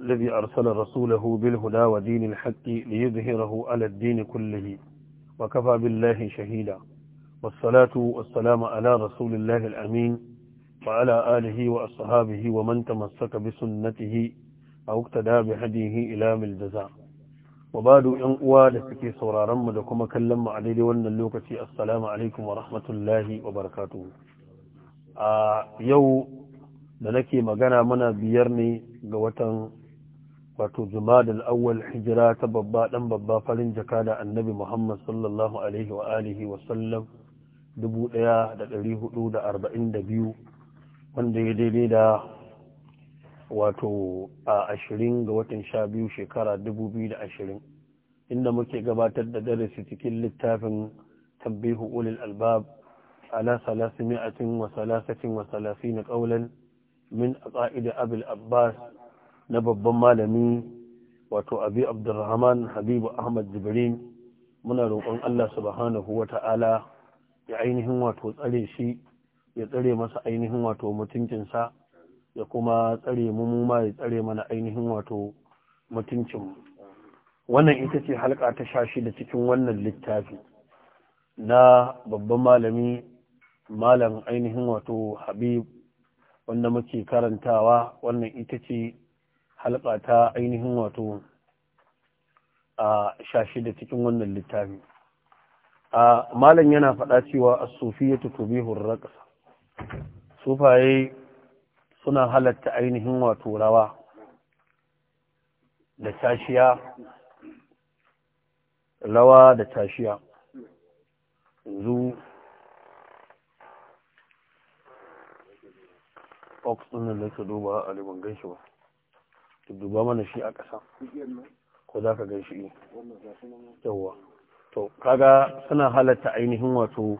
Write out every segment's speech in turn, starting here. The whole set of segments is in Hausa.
الذي أرسل رسوله بالهدى ودين الحق ليظهره على الدين كله وكفى بالله شهيدا والصلاة والسلام على رسول الله الأمين وعلى آله وأصحابه ومن تمسك بسنته أو اقتدى بهديه إلى الجزاء وبعد أن أواد سكي سورارا مدكما كلم عليه وأن اللوكة السلام عليكم ورحمة الله وبركاته آه يو da nake magana mana biyar ne ga watan wato jumadal awwal hijira ta babba dan babba farin jaka da annabi Muhammad sallallahu alaihi wa alihi wa sallam 1442 wanda ya daidai da wato a 20 ga watan 12 shekara 2020 inda muke gabatar da darasi cikin littafin tambihu ulil albab ala salasimatin wa salasatin wa salasina qawlan min aqaid abul abbas na babban malami wato abi abdurrahman habibu ahmad jibrin muna roƙon allah subhanahu wa ta'ala ya ainihin wato tsare shi ya tsare masa ainihin wato mutuncinsa ya kuma tsare mu ma ya tsare mana ainihin wato mutuncinmu wannan ita ce halka ta sha shida cikin wannan littafi na babban malami malam ainihin wato habib wanda muke karantawa wannan ita ce Halƙa ta ainihin wato a shashi da cikin wannan littafi a malam yana faɗa cewa as-sufiyatu tubihu ar-raqs sufaye suna halatta ainihin wato rawa da tashiya rawa da tashiya yanzu ox ɗin ke duba a liban ba duba mana shi a ƙasa ko za ka gan shi yawwa to kaga suna halatta ainihin wato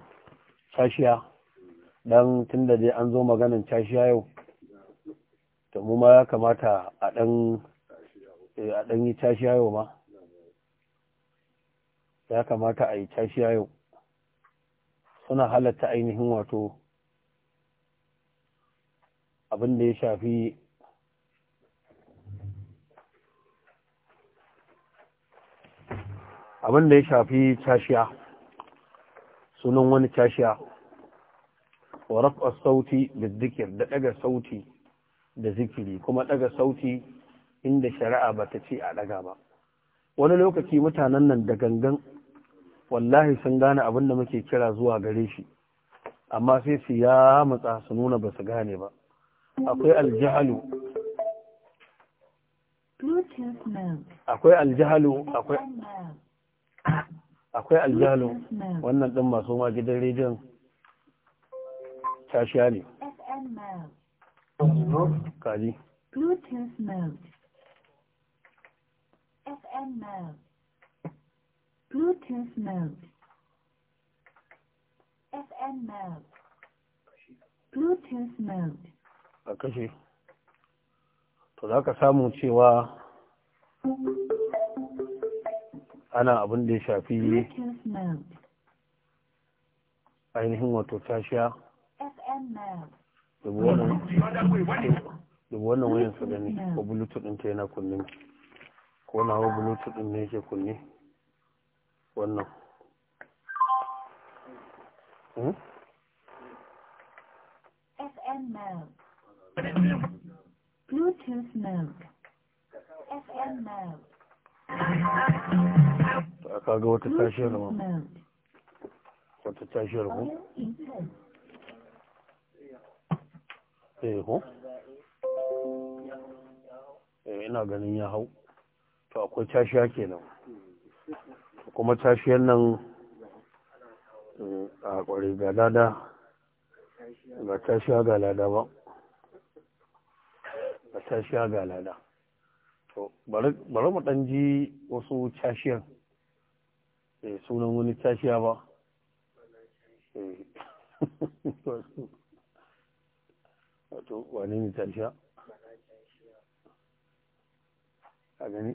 cashiya dan da dai an zo maganin cashiya yau to mu ma ya kamata a dan eh, a dan yi cashiya yau ma ya kamata a yi cashiya yau suna halatta ainihin wato abin da ya shafi abin da ya shafi cashiya sunan wani cashiya wa raf'a sauti da zikir da daga sauti da zikiri kuma daga sauti inda shari'a ba ta ce a daga ba wani lokaci mutanen nan da gangan wallahi sun gane abin da muke kira zuwa gare shi amma sai su ya matsa su nuna ba su gane ba akwai aljahalu akwai aljihalu akwai akwai aljano wannan ɗin masu ma gidan rediyon tashiya ne kaji A kashe. To za ka samu cewa ana abin da ya shafi ainihin wato tashiya da wannan wayan su gani ko bluetooth ɗin ta yana kunne ko na hau bluetooth ɗin ne yake kunne wannan hmm? Bluetooth mode FM mode kaga wata tashiyar ma wata tashiyar ku eh ku eh ina ganin ya hau to akwai tashiya kenan kuma tashiyar nan eh, a kwari ga lada ga tashiya ga lada ba ga tashiya ga lada bari mu ɗan ji wasu eh sunan wani cashiya ba wato wane ne cashiya a gani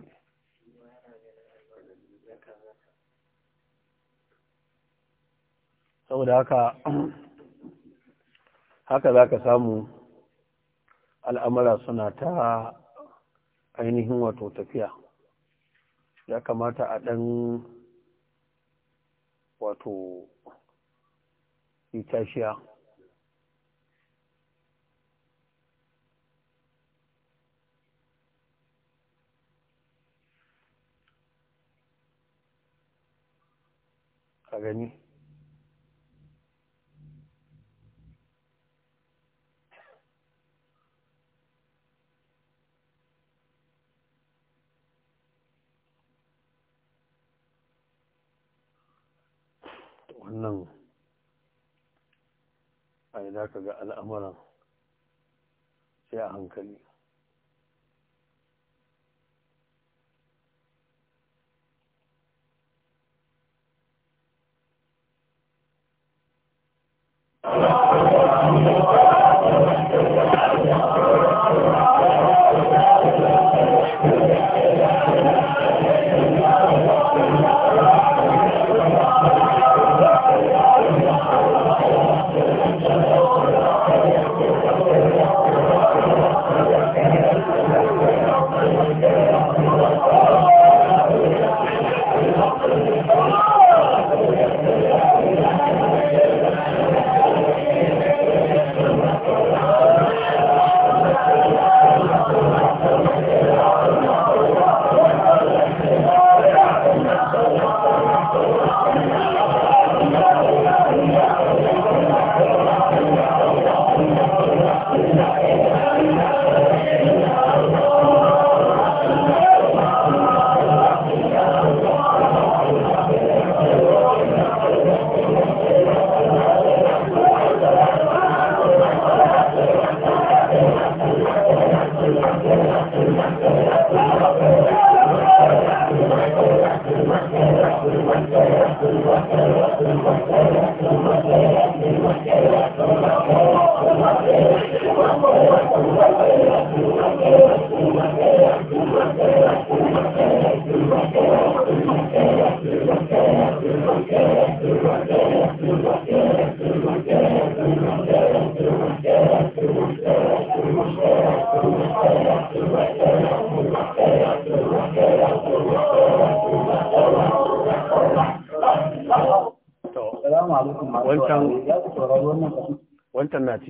saboda haka haka za ka samu al'amura suna ta ainihin wato tafiya ya kamata a ɗan wato itashiya a gani nan a za ka ga al'amuran sai a hankali Allah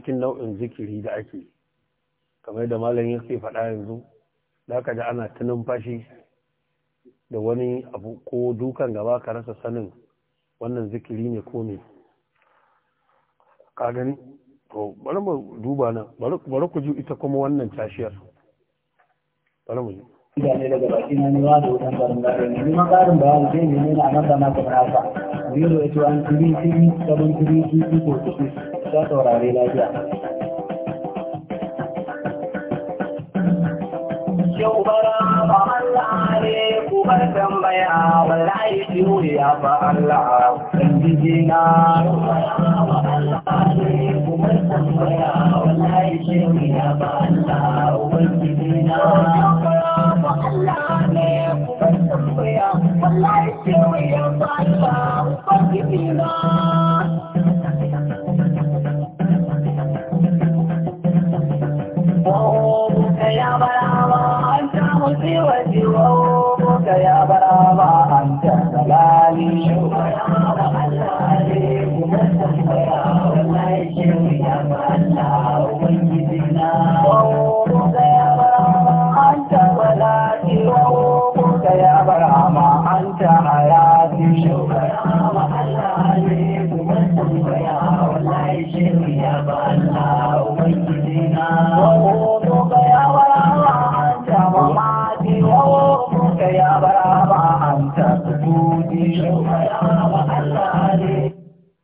cikin nau'in zikiri da ake kamar da malam ya yake faɗa yanzu da aka da ana ta numfashi da wani abu ko dukan gaba ka rasa sanin wannan zikiri ne ko ne ka gani to bari mu duba nan bari ku ji ita kuma wannan tashiyar bari mu ji mutane daga baki na newa da wutan barin garin neman ƙarin bayani zai ne ne na nan da na kamar haka zero eight one three three seven three two two four six ta saurare lafiya yau bara ba Allah ne ku bar tambaya wallahi shi ya ba Allah kan jiji na Allah ne ku bar tambaya wallahi shi ya ba Allah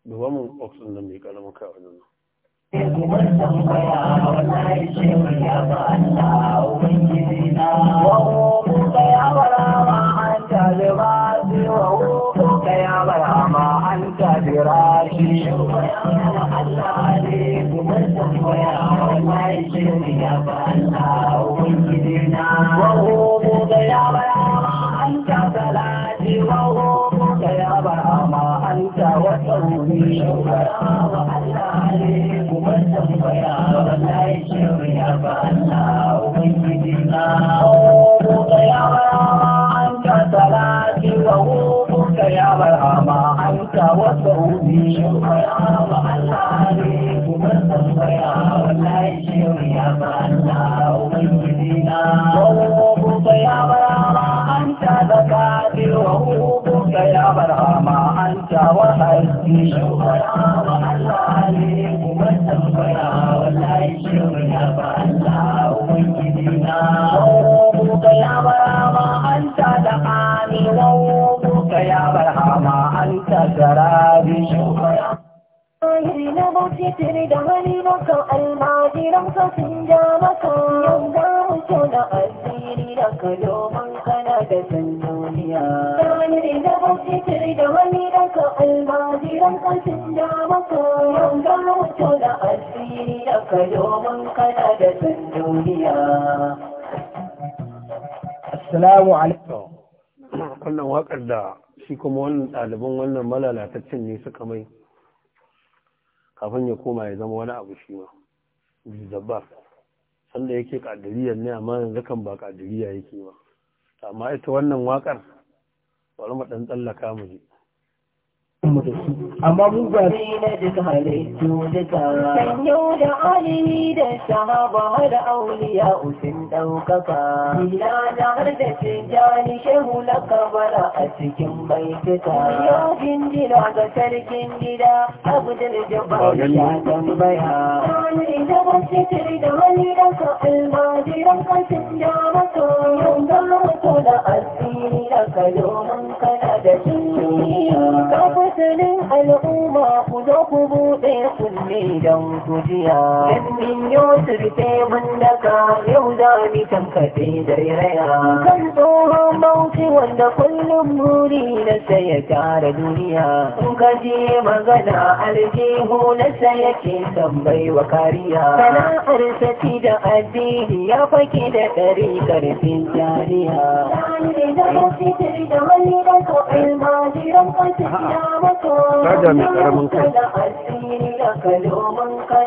Duba mun oxygen da mai karamin kawo nan. Wa يا غرام أنت وحدي tona asiri da ka domin kana da san duniya assalamu alaikum wannan waƙar da shi kuma wannan ɗaliban wannan malalataccen ne suka mai kafin ya koma ya zama wani abu shi ma zabbar sanda yake ƙadiriyar ne amma yanzu kan ba ƙadiriya yake ba amma ita wannan waƙar bari mu ɗan tsallaka mu je mu da su amma mun ga sanyo da alihi da sahaba da auliya usin daukaka ila da har da tijani shehu na kabara a cikin baituka ya jinjina ga sarkin gida abdul jabbar ya tambaya wani da wasu tiri da wani da ka almajiran kasin da maka yau da da asiri kaloman kana da shi ka al'umma ku zo ku buɗe kulle don gujiya yan min yau surfe mun daka yau za ni tankaɗe da raya kan tsohon mauti wanda kullum muri na saya tara duniya in ka je magana aljihu na saya ke san wa kariya sana'ar sati da addini ya fake da ɗari karfin jariya. Kajan karamin kai. Kajan karamin kai.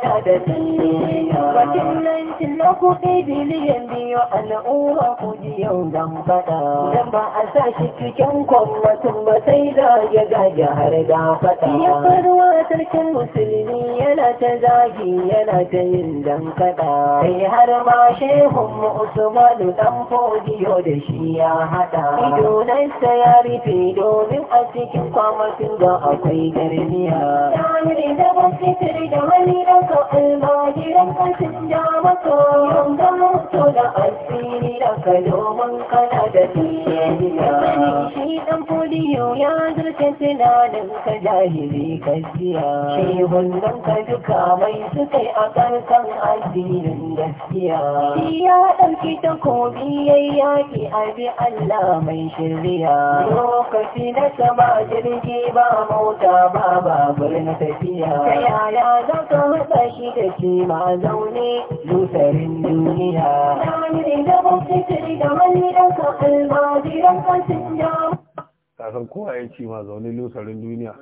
ku ɗai biliyan biyu al'umma ku ji yau dan fada. Dan ba a sa shi cikin tun ba sai da ya gaji har da faɗa. Ya a sarkin musulmi yana ta zagi yana ta yin dan fada. Sai har ma shehun mu Usmanu dan fodiyo da shi ya haɗa. Idonansa ya rufe domin a cikin kwammatin da akwai garniya. Ya hanyar da ba fitir da wani ɗan ka almajiran ƙasin da mako. Allah'tan sola ka domin kana da biyayya shi dan ya zarta tunanin ka jahili ka siya shi wannan ka duka mai suka yi a karkan addinin gaskiya shi ya ɗauki takobi ya yi yaƙi a bi Allah mai shirya lokaci na saba jirgi ba mota ba babur na tafiya ta yaya za ka matsa shi da shi ma zaune lusarin duniya kasan kowa ya ce ma zaune lusarin duniya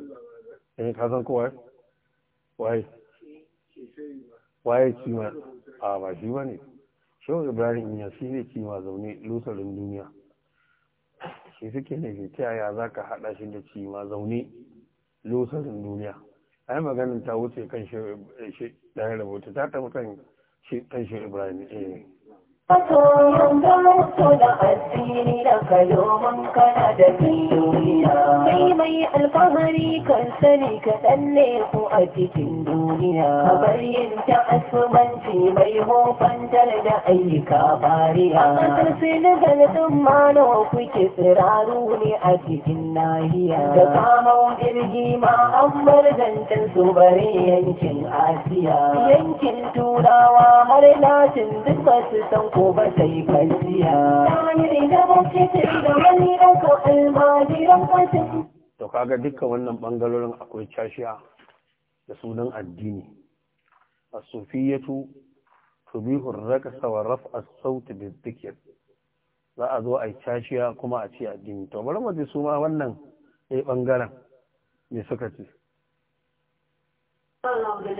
eh kowa waye waye ci ma a ba shi ba ne ibrahim ya shi ne ci ma zaune lusarin duniya shi suke ne ke ta yaya za ka haɗa shi da ci ma zaune lusarin duniya a yi maganin ta wuce kan eh, shi ɗaya rubuta, ta tafi kan shi ɗan ibrahim eh Masoyin gawarsu da asiri da kaloman kana da duniya. Kai mai alfahari kan sani kaɗan ne ku a cikin duniya ka bar yin ta asubanci mai hofan da ayyuka bariya a ƙarfi na galibin mano kuke tsiraru ne a cikin nahiya da kamar jirgi ma an bar zancen su yankin asiya yankin turawa har latin duk ba su san ko ba ta yi kwanciya To kaga dukkan wannan bangalorin akwai cashiya da sunan addini a sufiyatu tubihu ar-raksa wa raf'a as-sawt za a zo a yi cashiya kuma a ce addini to bari mu ji su ma wannan eh ɓangaren me suka ce Maulana,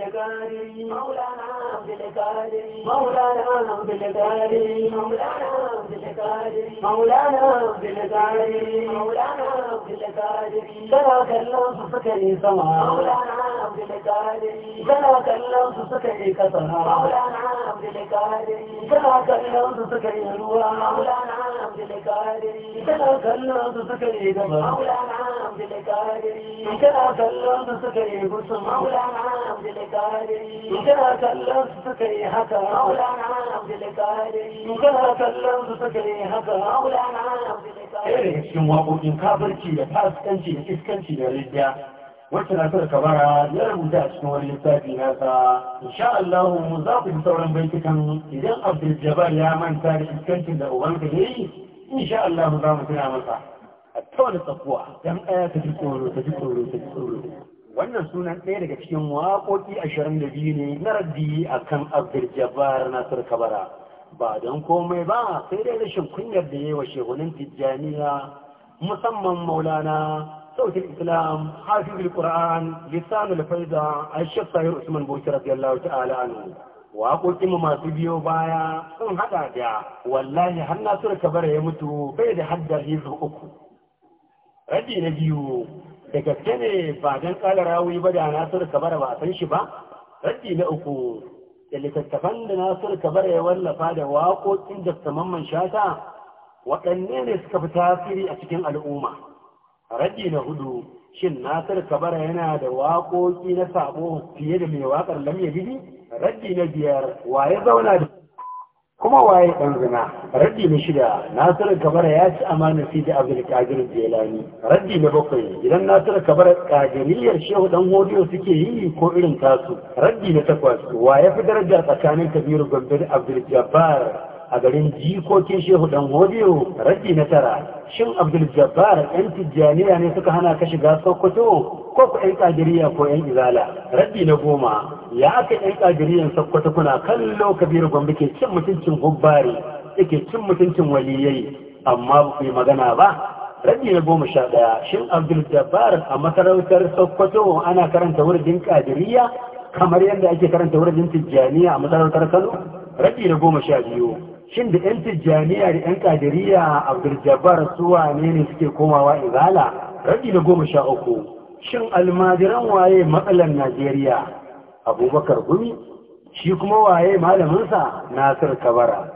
عبد الكاري cikin waƙoƙin kafirci da fasikanci da iskanci da rijiya wacce na sarka bara ya rubuta a cikin wani lissafi nasa insha Allah mu za ku ji sauran baitukan idan Abdul Jabbar ya manta da iskancin da ubanka ya yi insha Allah za mu tuna masa a tsawon tsakuwa dan aya ta ji tsoro ta ji tsoro ta ji tsoro wannan sunan ɗaya daga cikin waƙoƙi ashirin da biyu ne na raddi a kan abdul-jabbar nasir kabara ba don komai ba sai dai rashin kunyar da yi wa shehunin tijjaniya musamman maulana sautin islam hafizul qur'an lisanul faiza aisha sahir usman bauchi radiyallahu ta'ala anhu waƙoƙin masu biyo baya sun haɗa da wallahi har nasir kabara ya mutu bai da haddar uku raddi na biyu da gaske ne ba don kala rawi ba da nasiru kabara ba san shi ba raddi na uku da littattafan da nasiru kabara ya wallafa da waƙoƙin da mamman shata waɗanne ne suka fi tasiri a cikin al'umma raddi na hudu shin nasiru kabara yana da waƙoƙi na sabo fiye da mai waƙar lamya gidi raddi na biyar wa zauna da kuma waye dan zina raddi na shida nasiru kabara ya ci amana fi da abdul kadir jelani raddi na bakwai idan nasiru kabara kadiriyar shehu dan hodiyo suke yi ko irin tasu raddi na takwas waye fi daraja tsakanin kabiru gombe da abdul jabbar a garin jikokin shehu dan godiyo raddi na tara shin abdul jabbar yan tijjaniya ne suka hana ka shiga sokoto ko ku yan kadiriya ko yan izala raddi na goma ya aka yan kadiriyan sokoto kuna kallo kabiru gombe ke cin mutuncin gubbari yake cin mutuncin waliyai amma ba ku yi magana ba rabi na goma sha ɗaya shin abdul-jabbar a masarautar sokoto ana karanta wurin kadiriya kamar yadda ake karanta wurin tijjaniya a masarautar kano rabi na goma sha biyu shin da yan tijjaniya da yan kadiriya birjabar suwa ne ne suke komawa izala rabi na goma sha uku shin almajiran waye matsalan najeriya abubakar gumi shi kuma waye malaminsa nasir kabara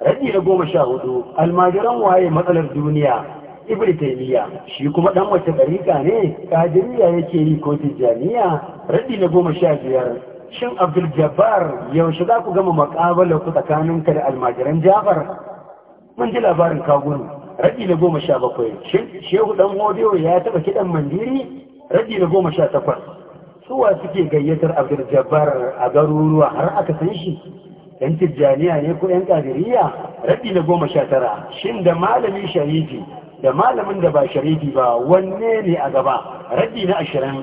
rabi na goma sha hudu almajiran waye matsalar duniya ibn taymiya shi kuma dan wace dariƙa ne kadiriya yake yi ko tijjaniya rabi na goma sha biyar shin abdul jabbar yaushe za ku gama makabalar ku tsakaninka da almajiran jafar mun ji labarin kagun radi na goma sha bakwai shehu ɗan hodiyo ya taɓa kiɗan mandiri radi na goma sha takwas suwa suke gayyatar abdul jabbar a garuruwa har aka san shi yan tijjaniya ne ko yan kadiriya radi na goma sha tara shin da malami sharifi da malamin da ba sharifi ba wanne ne a gaba radi na ashirin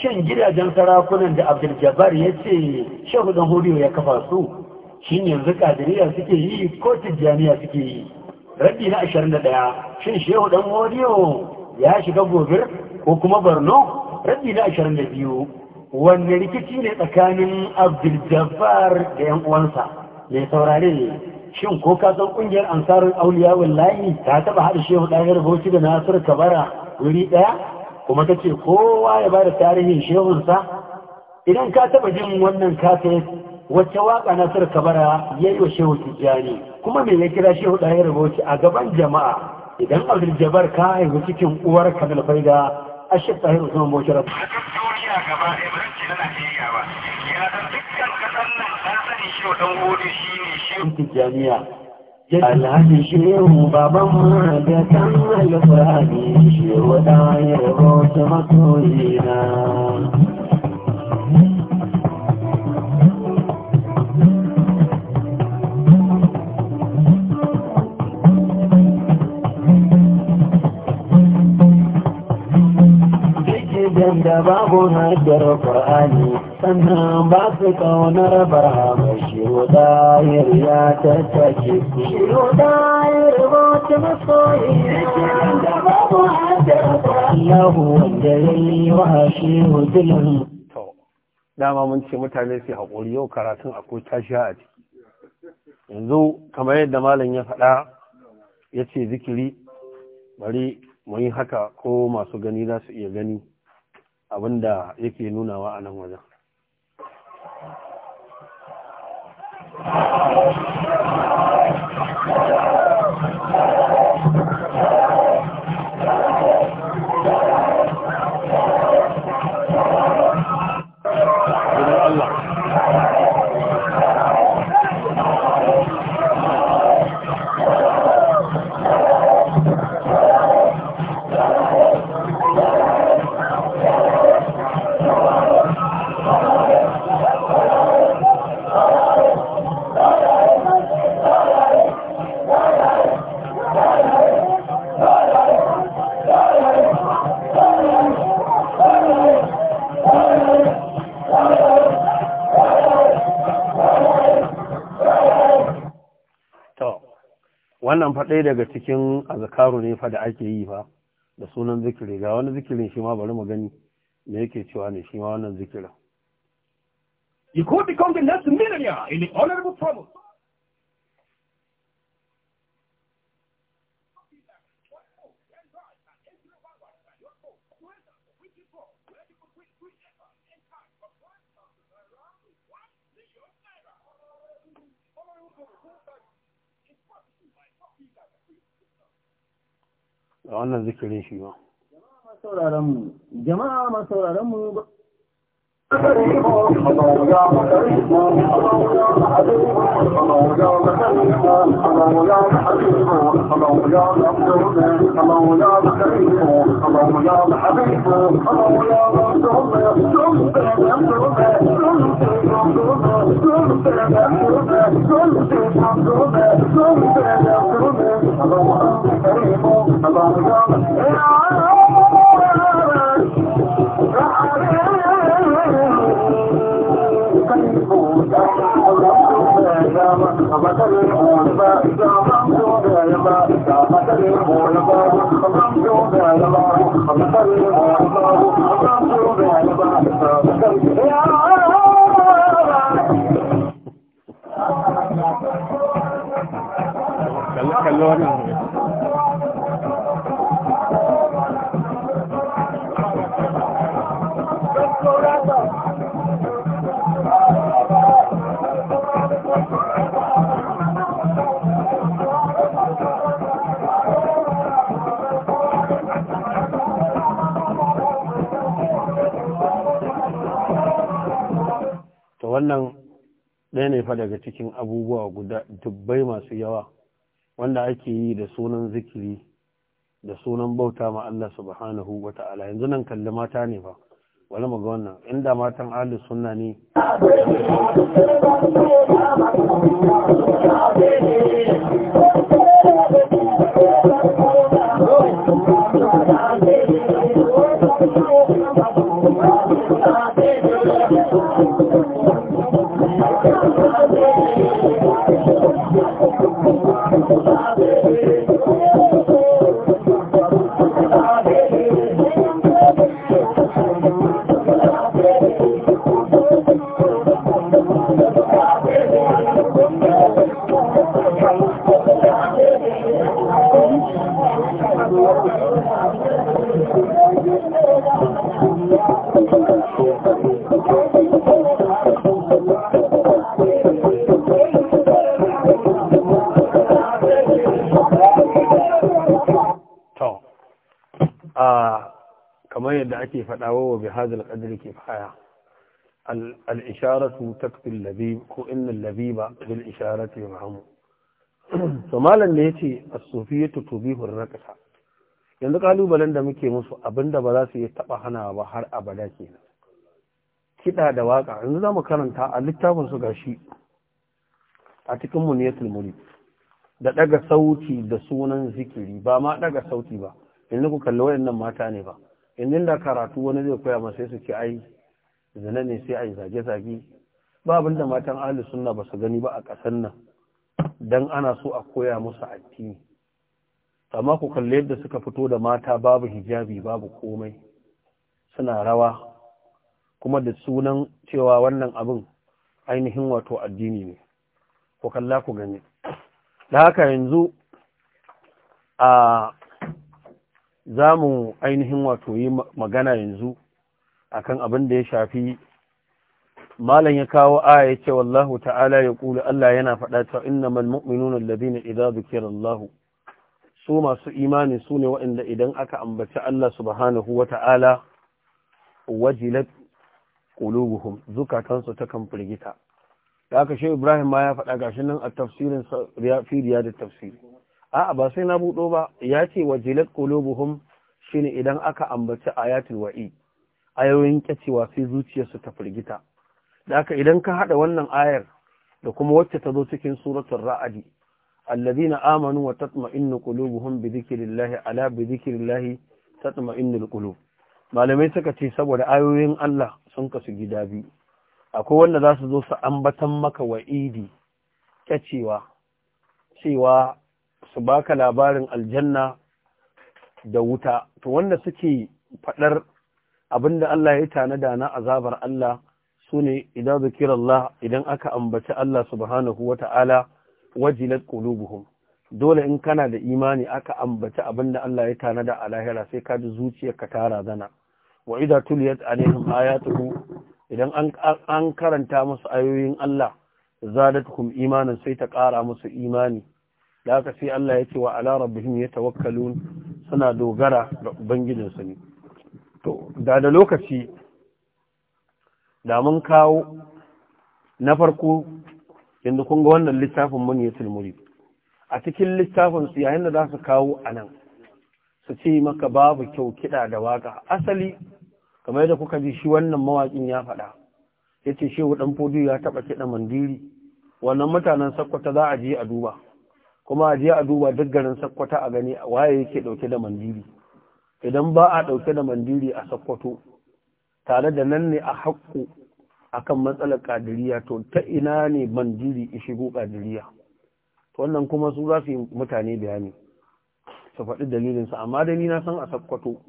shan gidajen sarakunan da abdul-jabbar ya ce shahudan hudu ya kafa su shi yanzu kadiriyar suke yi ko tijjaniya suke yi Rabi na 21 shin shahudan hudu ya shiga gobir ko kuma borno Rabi na 22 wanne rikici ne tsakanin abdul da yan uwansa mai saurare shin ko ka san kungiyar ansarar auliya wallahi ta taba haɗa shehu ɗayar bauchi da nasir kabara wuri ɗaya kuma ta ce kowa ya ba da tarihin shehunsa idan ka taba jin wannan kafe wacce waka nasir kabara ya yi wa shehu tijjani kuma me ya kira shehu ɗaya rubuci a gaban jama'a idan abdul jabar ka haihu cikin uwar kamil faida a shi ɗaya usman bauchi rabu tijjaniya Alhaji shehu baban ma da kan alfahari shehu ɗayar bauta masoyina. Idan da babu hajjar Qur'ani sannan ba su kaunar bara mai shiro dahir ya tattake shiro dahir ba ta masoyi Allahu wanda yayi wa hashihu dilmi dama mun ce mutane su haƙuri yau karatun akwai tashi a ciki yanzu kamar yadda malam ya faɗa ya ce zikiri bari mun yi haka ko masu gani za su iya gani abinda yake nunawa a nan wajen Thank you. fa daga cikin azkaru ne fa da ake yi fa da sunan zikiri ga wani zikirin shi ma bari mu gani me yake cewa ne shi ma wannan zikirin You could become the next millionaire in the honorable promise. wannan zikirin shi ba jama'a masauraran mu Allah'a अमर करण रा to wannan ɗaya ne fa daga cikin abubuwa guda dubbai masu yawa wanda ake yi da sunan zikiri da sunan bauta ma Allah subhanahu wa ta'ala yanzu nan kalli mata ne ba. wani mu ga wannan inda matan ahli sunna ne ake faɗawa wa bihadal qadri kifaya al-isharatu takfi al-labib ko inna labiba bil isharati yarhamu to malam ne yace as-sufiyatu tubihu ar-raqsa yanzu kalubalen da muke musu abinda ba za su yi taba hana ba har abada kenan kiɗa da waka yanzu zamu karanta a littafin su gashi a cikin muniyatul murid da daga sauti da sunan zikiri ba ma daga sauti ba yanzu ku kalli waɗannan mata ne ba in da karatu wani zai koya masa su ce ai zina ne sai ai zage-zage ba abin da matan ahli sunna ba su gani ba a ƙasar nan dan ana so a koya musu addini amma ku kalle yadda suka fito da mata babu hijabi babu komai suna rawa kuma da sunan cewa wannan abin ainihin wato addini ne ku kalla ku gani da haka yanzu a za mu ainihin wato yi magana yanzu akan abin da ya shafi malam ya kawo aya ya ce wallahu ta'ala ya kula Allah yana faɗa ta na mu'minuna alladhina idza dhukira Allah su masu imani su ne waɗanda idan aka ambaci Allah subhanahu ta'ala wajilat qulubuhum zukatansu ta kan firgita da aka shi Ibrahim ma ya faɗa gashi nan a tafsirin fi da tafsiri a'a ba sai na buɗo ba ya ce wa jilat shi shine idan aka ambaci ayatul wa'i ayoyin kyacewa sai zuciyarsu ta firgita da aka idan ka haɗa wannan ayar da kuma wacce ta zo cikin suratul ra'adi. alladhina amanu wa tatma'innu qulubuhum bi dhikrillahi ala bi dhikrillahi tatma'innu qulub malamai suka ce saboda ayoyin Allah sun kasu gida biyu akwai wanda za su zo su ambatan maka wa'idi kyacewa cewa su baka labarin aljanna da wuta to wanda suke faɗar abinda Allah ya tanada na azabar Allah sune idan zikirallah Allah idan aka ambaci Allah subhanahu wata'ala wajilat qulubuhum dole in kana da imani aka ambaci abinda Allah ya tanada a lahira sai ka ji zuciyarka ta razana wa idza tuliyat alaihim ayatuhu idan an karanta musu ayoyin Allah zadatukum imanan sai ta ƙara musu imani da aka sai Allah ya ce wa ala rabbihim yatawakkalun suna dogara ga su ne to da da lokaci da mun kawo na farko yanzu kun ga wannan littafin mun yatul murid a cikin littafin su yayin da za su kawo anan su ce maka babu kyau kiɗa da waka asali kamar da kuka ji shi wannan mawakin ya faɗa yace shehu ɗan fodiyo ya taɓa kiɗa mandiri wannan mutanen sakwata za a je a duba kuma a jiya a duba duk garin sakkwata a gani waye yake dauke da mandiri idan ba a dauke da mandiri a sakkwato tare da nan ne a haƙƙo akan matsalar kadiriya to ta ina ne mandiri shigo kadiriya to wannan kuma su za su yi mutane bayani su faɗi dalilinsa amma da ni na san a sakkwato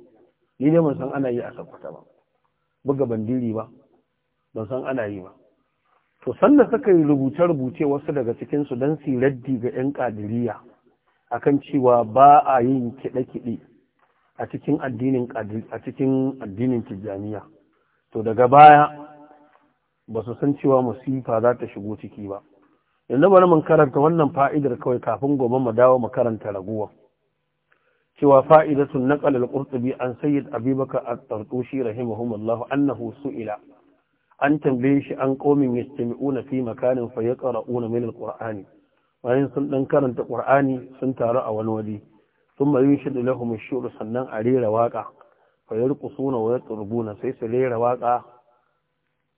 ni ne ban san ana yi a sakkwata ba buga bandiri ba ban san ana yi ba to sannan suka yi rubuce-rubuce wasu daga cikinsu don su raddi ga 'yan ƙadiriya akan cewa ba a yin kiɗe-kiɗe a cikin addinin a cikin addinin tijjaniya to daga baya ba su san cewa musifa za ta shigo ciki ba yanzu bari mun karanta wannan fa'idar kawai kafin gobe mu dawo mu karanta raguwa cewa fa'idatun naqal qurtubi an sayyid abubakar a tartushi rahimahumullah annahu su'ila an tambaye shi an qaumin yastami'una fi makanin fa yaqra'una min kur'ani bayan sun dan karanta qur'ani sun taru a wani waje thumma yushadu lahum ash-shur sannan a rera waka fa yarqusuna wa yatrubuna sai su rera waka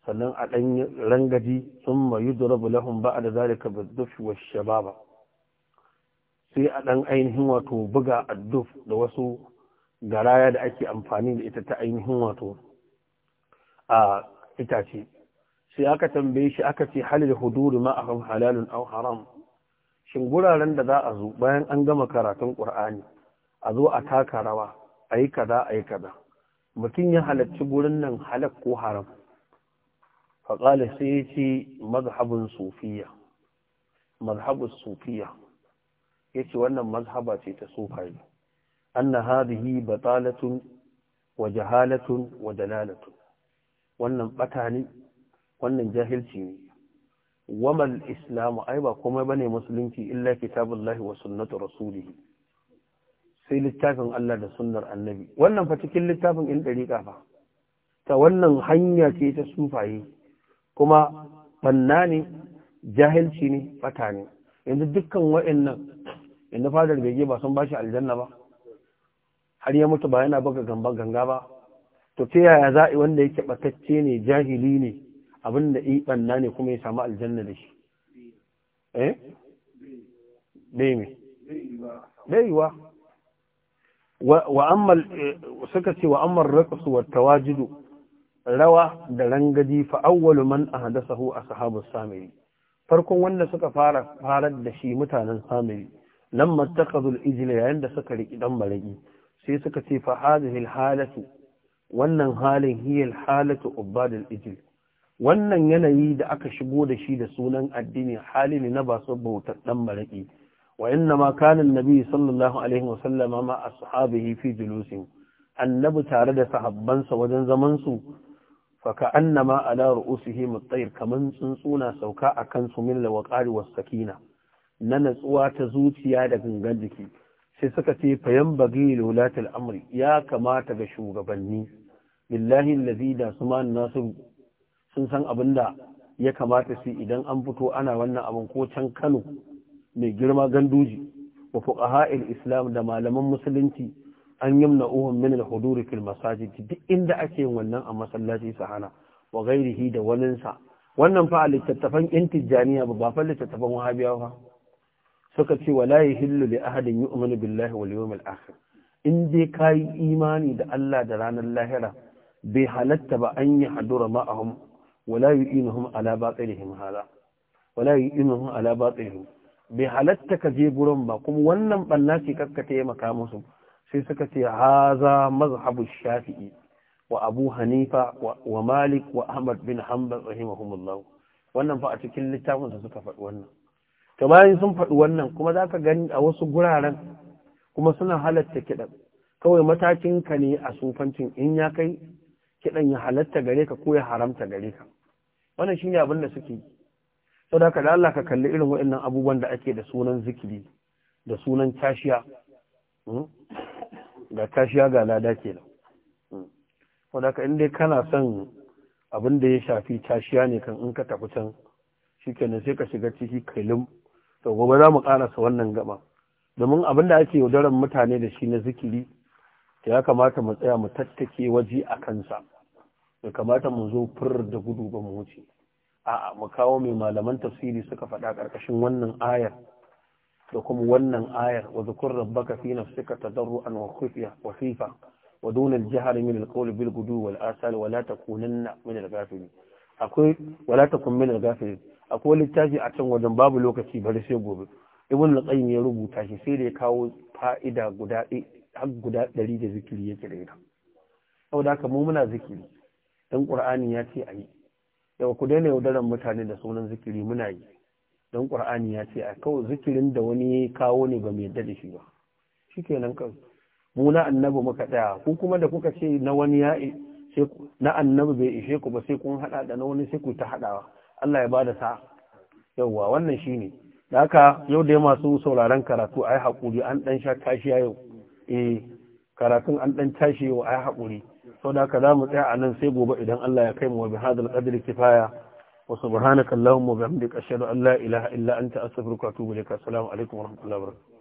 sannan a dan rangaji thumma yudrabu lahum ba'da zalika bid duf wash-shababa sai a dan ainihin wato buga duf da wasu garaya da ake amfani da ita ta ainihin wato a itace sai aka tambaye shi aka ce halil huduri ma akan halalun au haram shin guraren da za a zo bayan an gama karatun ƙur'ani a zo a taka rawa ayi kaza ayi kaza mutum ya halarci gurin nan halak ko haram faƙalar sai ya ce mazhabin sufiya mazhabin sufiya ya ce wannan mazhaba ce ta sufai an na hadihi batalatun wa jahalatun wa dalalatun wannan bata ne wannan jahilci ne wamal islamu ai ba komai bane musulunci illa kitabullahi wa sunnatu rasulihi sai littafin Allah da sunnar annabi wannan fa cikin littafin in dariƙa fa ta wannan hanya ce ta sufaye kuma banna jahilci ne bata ne yanzu dukkan wa'annan inda fadar bege ba sun bashi aljanna ba har ya mutu ba yana buga ganga ba to ta yaya za wanda yake batacce ne jahili ne abin da ne kuma ya samu aljanna da shi eh dai me dai wa wa amma eh, suka ce wa amma raqsu wa tawajudu rawa da rangadi fa awwalu man ahdathahu ashabu samiri farkon wanda suka fara farar da shi mutanen samiri lamma taqadul ijla yayin da suka riki dan maraki sai suka ce fa hadhihi alhalatu wannan halin hiyar halatu ubadul ijil wannan yanayi da aka shigo da shi da sunan addini hali ne na basu bautar dan maraki wa inna ma kanin annabi sallallahu alaihi wa sallama a ashabihi fi julusin annabi tare da sahabbansa wajen zaman su annama ka annama ala ru'usihi mutayr kaman tsuntsuna sauka kan su min lawqari was sakina na natsuwa ta zuciya da gangan jiki sai suka ce fayan bagi lulatul amri ya kamata ga shugabanni billahi lazida da su ma nasu sun san abin da ya kamata su idan an fito ana wannan abin ko can Kano mai girma ganduji wa il islam da malaman musulunci an yamna uhum min al-huduri fil masajid duk inda ake yin wannan a masallaci sahana wa ghairihi da waninsa wannan fa littattafan yan tijjaniya ba ba fa littattafan wahabiyawa ba suka ce wala yahillu li ahadin yu'minu billahi wal yawmil akhir in dai kai imani da Allah da ranar lahira bai halatta ba an yi hadura ma'ahum wala yu'inuhum ala batilihim hada wala yu'inuhum ala batilihim bai halatta ka je gurin ba kuma wannan balla ce kaskata ya maka musu sai suka ce haza mazhabu shafi'i wa abu hanifa wa malik wa ahmad bin hanbal rahimahumullah wannan fa a cikin littafin da suka faɗi wannan to bayan sun faɗi wannan kuma za ka gani a wasu guraren kuma suna halatta kiɗan kawai matakin ka ne a sufancin in ya kai kiɗan ya halatta gare ka ko ya haramta gare ka wannan shine abin da suke saboda da da Allah ka kalli irin waɗannan abubuwan da ake da sunan zikiri da sunan tashiya Da hmm? tashiya ga lada kenan hmm. so da in dai kana son abin da ya shafi tashiya ne kan in ka tafi can shikenan sai ka shiga ciki kailum to gobe za mu karasa wannan gaba domin abin da ake yaudarar mutane da shi na zikiri ya kamata mu tsaya mu tattake waje a kansa bai kamata mu zo fur da gudu ba mu wuce a'a mu kawo mai malaman tafsiri suka faɗa ƙarƙashin wannan ayar da kuma wannan ayar wa zukur rabbaka fi nafsika tadarruan wa khufiya wa khifa wa dun al min al bil gudu wal asal wa la takunanna min takun min al-ghafilin akwai littafi a can wajen babu lokaci bari sai gobe ibn al ya rubuta shi sai da ya kawo fa'ida guda har guda ɗari da zikiri yake da ita saboda haka mu muna zikiri don ƙur'ani ya ce a yi yau ku daina yaudaran mutane da sunan zikiri muna yi don ƙur'ani ya ce a kawai zikirin da wani ya kawo ne ba mai yadda da shi ba shi kan mu na annabi muka tsaya ku kuma da kuka ce na wani ya na annabi bai ishe ku ba sai kun haɗa da na wani sai ku ta haɗawa Allah ya bada sa yauwa wannan shine da haka yau da masu sauraron karatu ai haƙuri an ɗan sha kashi yau eh karatun an ɗan tashi yau ai haƙuri saboda ka za mu tsaya a nan sai gobe idan Allah ya kai mu wa bihadal qadri kifaya wa subhanaka allahumma wa bihamdika ashhadu an la ilaha illa anta astaghfiruka wa atubu ilaik assalamu alaikum wa rahmatullahi wa barakatuh